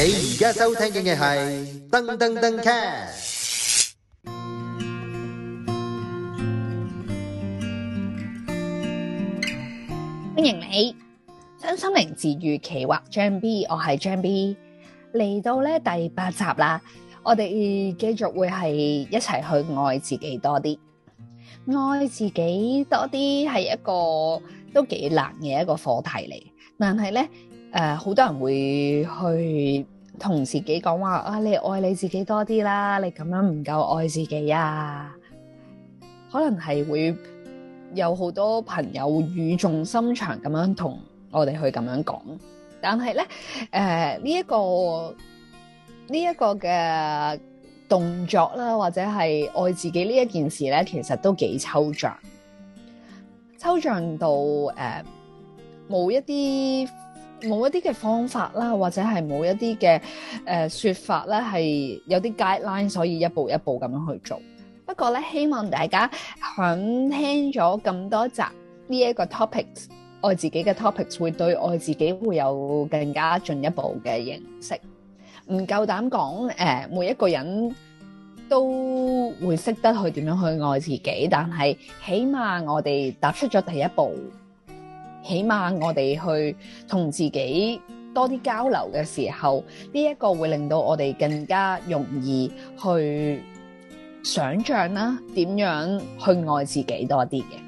你而家收聽嘅係噔噔噔 cast，歡迎你，張心靈治愈企劃張 B，我係張 B，嚟到咧第八集啦，我哋繼續會係一齊去愛自己多啲，愛自己多啲係一個都幾難嘅一個課題嚟，但係咧。誒，好多人會去同自己講話啊！你愛你自己多啲啦，你咁樣唔夠愛自己啊。可能係會有好多朋友語重心長咁樣同我哋去咁樣講，但係咧，誒呢一個呢一個嘅動作啦，或者係愛自己呢一件事咧，其實都幾抽象，抽象到誒冇一啲。冇一啲嘅方法啦，或者係冇一啲嘅誒說法咧，係有啲 guideline 所以一步一步咁樣去做。不過咧，希望大家響聽咗咁多集呢一個 topics，愛自己嘅 topics 會對愛自己會有更加進一步嘅認識。唔夠膽講誒，每一個人都會識得去點樣去愛自己，但係起碼我哋踏出咗第一步。起碼我哋去同自己多啲交流嘅時候，呢、這、一個會令到我哋更加容易去想象啦點樣去愛自己多啲嘅。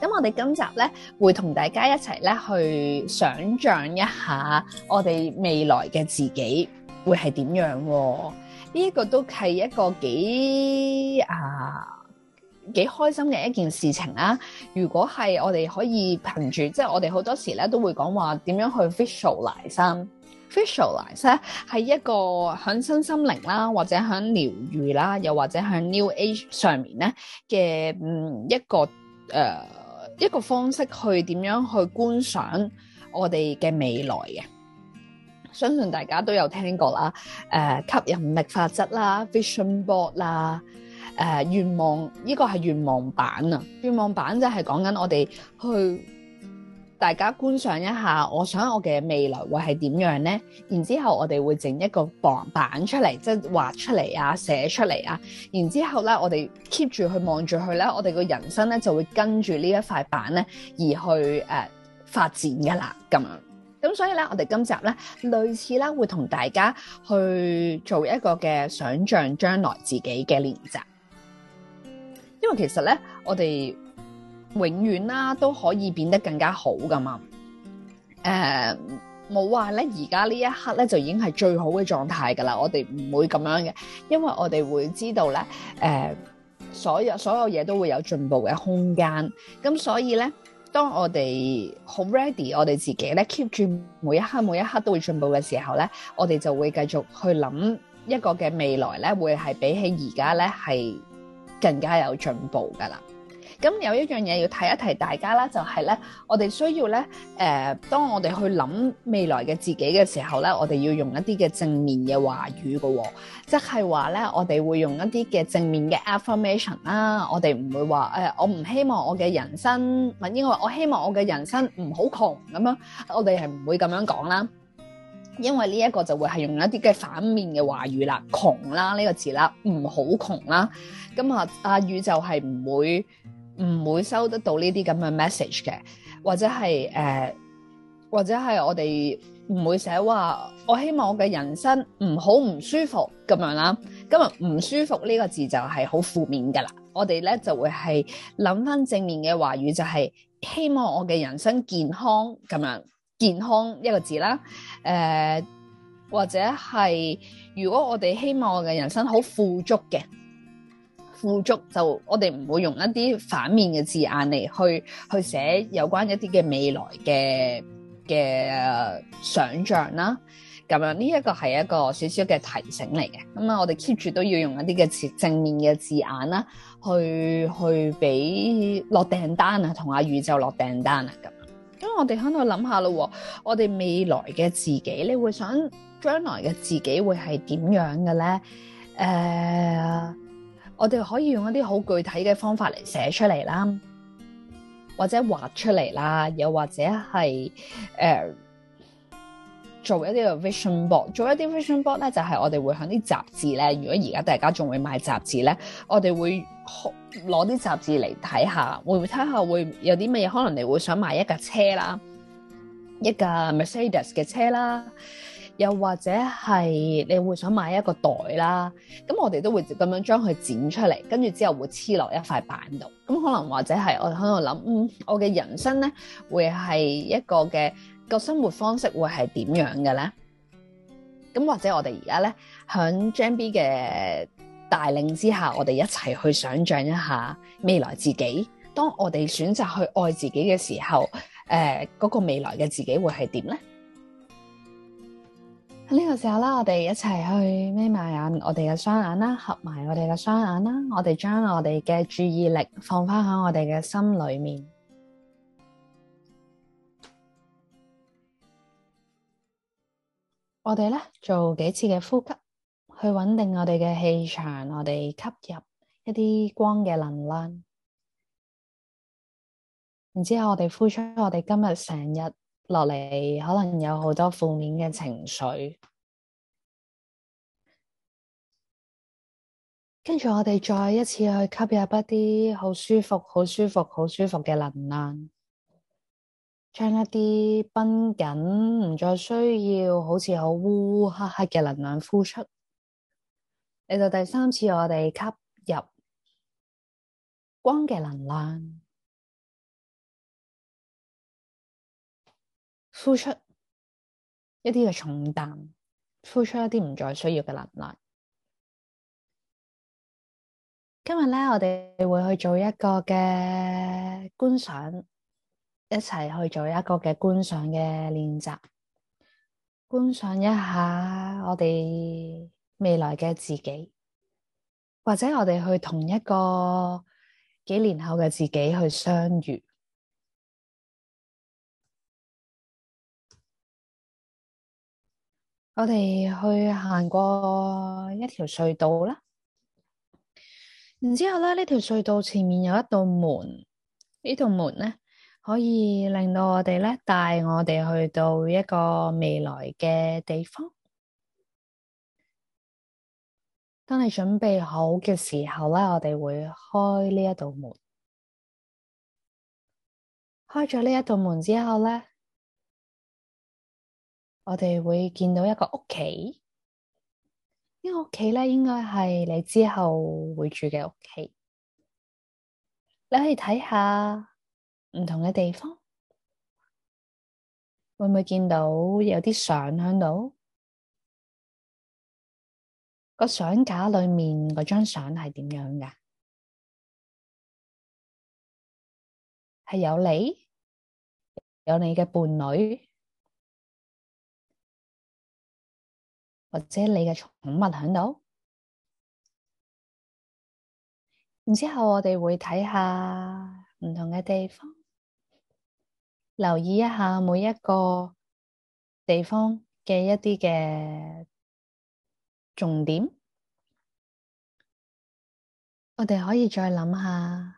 咁我哋今集咧會同大家一齊咧去想象一下，我哋未來嘅自己會係點樣的、哦？呢、這個、一個都係一個幾啊～幾開心嘅一件事情啦、啊！如果係我哋可以憑住，即、就、係、是、我哋好多時咧都會講話點樣去 visualize。visualize 係一個響身心靈啦，或者響療愈啦，又或者響 New Age 上面咧嘅嗯一個、呃、一個方式去點樣去觀想我哋嘅未來嘅。相信大家都有聽過啦，呃、吸引力法則啦，vision board 啦。誒、呃、願望呢個係願望版啊！願望版就係講緊我哋去大家觀賞一下，我想我嘅未來會係點樣呢？然之後我哋會整一個板板出嚟，即係畫出嚟啊、寫出嚟啊。然之後咧，我哋 keep 住去望住佢咧，我哋個人生咧就會跟住呢一塊板咧而去誒、呃、發展噶啦咁樣。咁所以咧，我哋今集咧類似啦，會同大家去做一個嘅想像，將來自己嘅練習。因為其實咧，我哋永遠啦、啊、都可以變得更加好噶嘛。誒、呃，冇話咧，而家呢一刻咧就已經係最好嘅狀態噶啦。我哋唔會咁樣嘅，因為我哋會知道咧，誒、呃，所有所有嘢都會有進步嘅空間。咁所以咧，當我哋好 ready，我哋自己咧 keep 住每一刻每一刻都會進步嘅時候咧，我哋就會繼續去諗一個嘅未來咧，會係比起而家咧係更加有進步噶啦，咁有一樣嘢要提一提大家啦，就係、是、咧，我哋需要咧，誒、呃，當我哋去諗未來嘅自己嘅時候咧，我哋要用一啲嘅正面嘅話語嘅喎、哦，即係話咧，我哋會用一啲嘅正面嘅 affirmation 啦、呃，我哋唔會話誒，我唔希望我嘅人生，應該話，我希望我嘅人生唔好窮咁樣，我哋係唔會咁樣講啦。因為呢一個就會係用一啲嘅反面嘅話語窮啦，窮啦呢個字啦，唔好窮啦。咁、嗯、啊，阿宇宙就係唔會唔會收得到呢啲咁嘅 message 嘅，或者係誒、呃，或者係我哋唔會寫話我希望我嘅人生唔好唔舒服咁樣啦。咁啊唔舒服呢個字就係好負面㗎啦，我哋呢就會係諗返正面嘅話語、就係，就係希望我嘅人生健康咁樣。健康一個字啦，誒、呃，或者係如果我哋希望我嘅人生好富足嘅，富足就我哋唔會用一啲反面嘅字眼嚟去去寫有關一啲嘅未來嘅嘅、呃、想象啦。咁樣呢一、這個係一個小小嘅提醒嚟嘅。咁啊，我哋 keep 住都要用一啲嘅正面嘅字眼啦，去去俾落訂單啊，同阿宇宙落訂單啊咁。咁我哋喺度諗下咯，我哋未來嘅自己，你會想將來嘅自己會係點樣嘅咧？誒、呃，我哋可以用一啲好具體嘅方法嚟寫出嚟啦，或者畫出嚟啦，又或者係誒、呃、做一啲嘅 vision board，做一啲 vision board 咧，就係、是、我哋會喺啲雜誌咧。如果而家大家仲會買雜誌咧，我哋會。攞啲雜誌嚟睇下，會唔會睇下會有啲乜嘢？可能你會想買一架車啦，一架 Mercedes 嘅車啦，又或者係你會想買一個袋啦。咁我哋都會咁樣將佢剪出嚟，跟住之後會黐落一塊板度。咁可能或者係我哋喺度諗，我嘅人生咧會係一個嘅個生活方式會係點樣嘅咧？咁或者我哋而家咧響 JB 嘅帶領之下，我哋一齊去想象一下未來自己。當我哋選擇去愛自己嘅時候，誒、呃，嗰、嗰個未來嘅自己會係點呢？呢個時候啦，我哋一齊去眯埋眼，我哋嘅雙眼啦，合埋我哋嘅雙眼啦，我哋將我哋嘅注意力放翻喺我哋嘅心裏面。我哋咧做幾次嘅呼吸。去穩定我哋嘅氣場，我哋吸入一啲光嘅能量，然之後我哋呼出我哋今日成日落嚟，可能有好多負面嘅情緒，跟住我哋再一次去吸入一啲好舒服、好舒服、好舒服嘅能量，將一啲繃緊唔再需要，好似好烏烏黑黑嘅能量，呼出。嚟到第三次，我哋吸入光嘅能量，呼出一啲嘅重擔，呼出一啲唔再需要嘅能量。今日咧，我哋會去做一個嘅觀想，一齊去做一個嘅觀想嘅練習，觀想一下我哋。未來嘅自己，或者我哋去同一個幾年後嘅自己去相遇。我哋去行過一條隧道啦，然之後咧，呢條隧道前面有一道門，呢道門咧可以令到我哋咧帶我哋去到一個未來嘅地方。當你準備好嘅時候咧，我哋會開呢一道門。開咗呢一道門之後咧，我哋會見到一個屋企。這個、呢個屋企咧，應該係你之後會住嘅屋企。你可以睇下唔同嘅地方，會唔會見到有啲相喺度？個相架裏面嗰張相係點樣噶？係有你，有你嘅伴侶，或者你嘅寵物喺度。然之後我哋會睇下唔同嘅地方，留意一下每一個地方嘅一啲嘅重點。我哋可以再諗下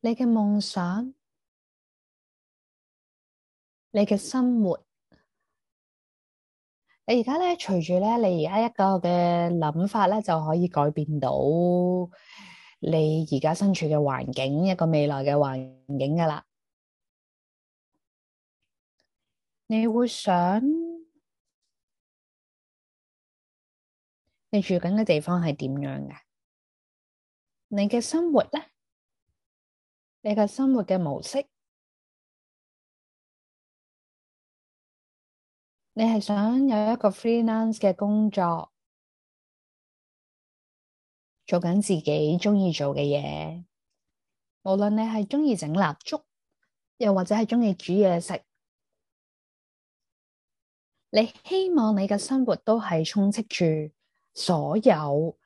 你嘅夢想，你嘅生活，你而家咧隨住咧你而家一個嘅諗法咧就可以改變到你而家身處嘅環境，一個未來嘅環境噶啦。你會想。你住緊嘅地方係點樣嘅？你嘅生活咧，你嘅生活嘅模式，你係想有一個 freelance 嘅工，工作，做緊自己中意做嘅嘢，無論你係中意整蠟燭，又或者係中意煮嘢食，你希望你嘅生活都係充斥住。所有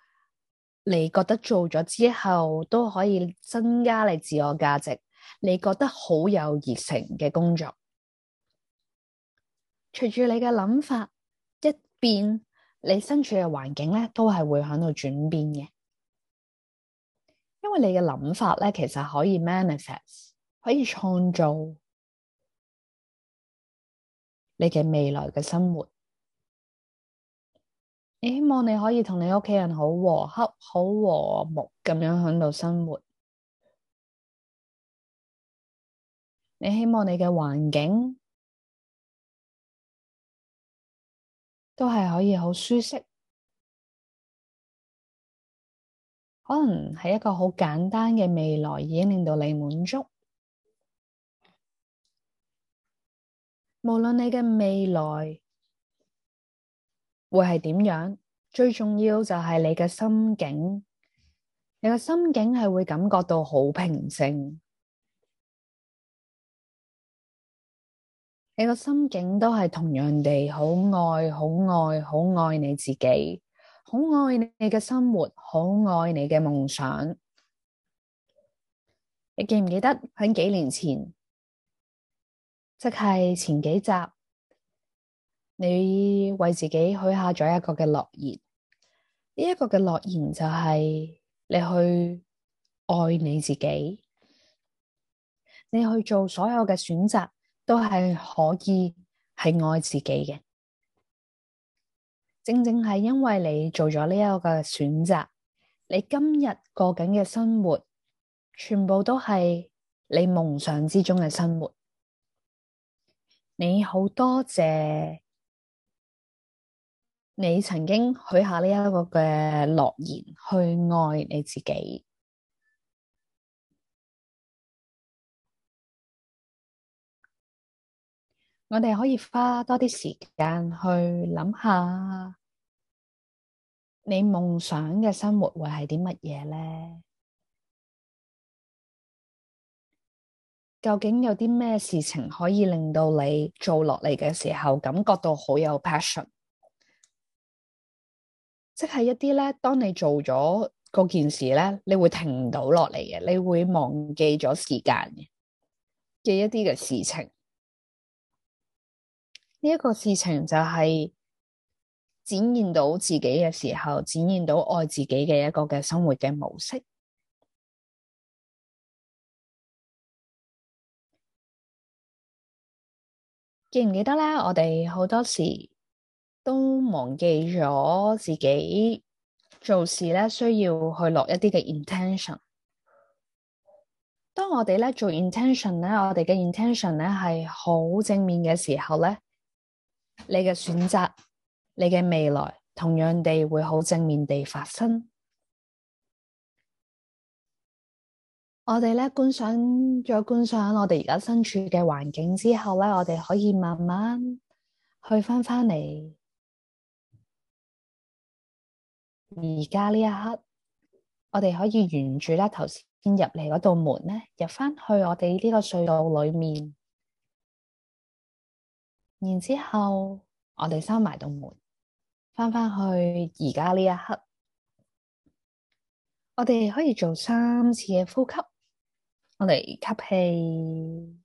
你覺得做咗之後都可以增加你自我價值，你覺得好有熱誠嘅工作，隨住你嘅諗法一變，你身處嘅環境咧都係會喺度轉變嘅，因為你嘅諗法咧其實可以 manifest，可以創造你嘅未來嘅生活。你希望你可以同你屋企人好和洽、好和睦咁樣喺度生活。你希望你嘅環境都係可以好舒適，可能係一個好簡單嘅未來已經令到你滿足。無論你嘅未來。會係點樣？最重要就係你嘅心境，你嘅心境係會感覺到好平靜，你個心境都係同樣地好愛、好愛、好愛你自己，好愛你嘅生活，好愛你嘅夢想。你記唔記得喺幾年前，即係前幾集？你為自己許下咗一個嘅諾言，呢一個嘅諾言就係你去愛你自己，你去做所有嘅選擇都係可以係愛自己嘅。正正係因為你做咗呢一個選擇，你今日過緊嘅生活，全部都係你夢想之中嘅生活。你好多謝。你曾經許下呢一個嘅諾言，去愛你自己。我哋可以花多啲時間去諗下，你夢想嘅生活會係啲乜嘢咧？究竟有啲咩事情可以令到你做落嚟嘅時候感覺到好有 passion？即係一啲咧，當你做咗嗰件事咧，你會停唔到落嚟嘅，你會忘記咗時間嘅嘅一啲嘅事情。呢一個事情就係展現到自己嘅時候，展現到愛自己嘅一個嘅生活嘅模式。記唔記得咧？我哋好多時。都忘記咗自己做事咧，需要去落一啲嘅 intention。當我哋咧做 intention 咧，我哋嘅 intention 咧係好正面嘅時候咧，你嘅選擇、你嘅未來，同樣地會好正面地發生。我哋咧觀想咗觀想我哋而家身處嘅環境之後咧，我哋可以慢慢去返返嚟。而家呢一刻，我哋可以沿住咧頭先入嚟嗰道門咧，入翻去我哋呢個隧道裏面，然之後我哋閂埋道門，翻返去而家呢一刻，我哋可以做三次嘅呼吸，我哋吸氣、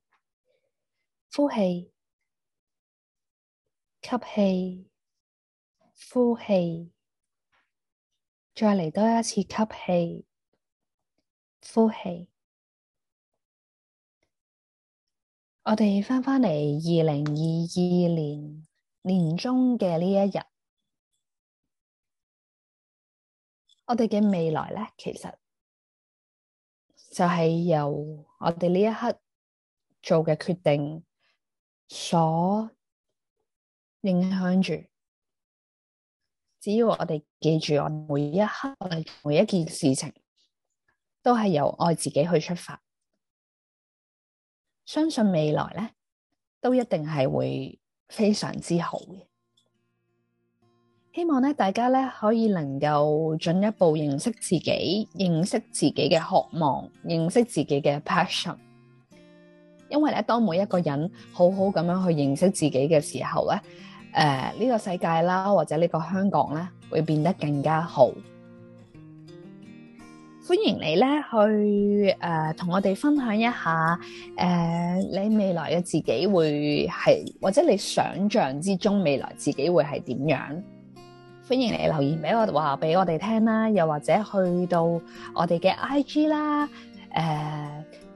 呼氣、吸氣、呼氣。再嚟多一次吸氣、呼氣，我哋翻返嚟二零二二年年中嘅呢一日，我哋嘅未來咧，其實就係由我哋呢一刻做嘅決定所影響住。只要我哋記住我每一刻，我哋每一件事情都係由愛自己去出發，相信未來咧都一定係會非常之好嘅。希望咧大家咧可以能夠進一步認識自己，認識自己嘅渴望，認識自己嘅 passion。因為咧，當每一個人好好咁樣去認識自己嘅時候咧。誒，呢、uh, 個世界啦，或者呢個香港咧，會變得更加好。歡迎你咧去誒，同、uh, 我哋分享一下誒，uh, 你未來嘅自己會係，或者你想象之中未來自己會係點樣？歡迎你留言俾我話俾我哋聽啦，又或者去到我哋嘅 IG 啦，誒、uh,。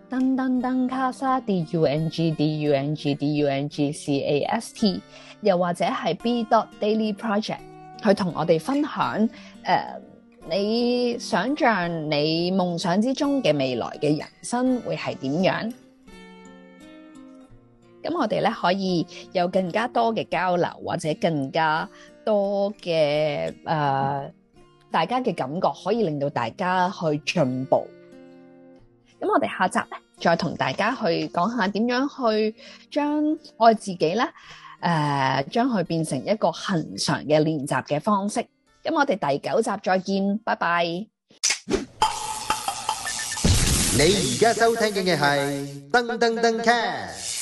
登登登卡莎，D U N G D U N G D U N G C A S T，又或者係 B dot Daily Project，去同我哋分享誒、呃，你想象你夢想之中嘅未來嘅人生會係點樣？咁我哋咧可以有更加多嘅交流，或者更加多嘅誒、呃，大家嘅感覺可以令到大家去進步。咁我哋下集咧，再同大家去講下點樣去將愛自己咧，誒、呃，將佢變成一個恒常嘅練習嘅方式。咁我哋第九集再見，拜拜。你而家收聽緊嘅係噔噔噔 c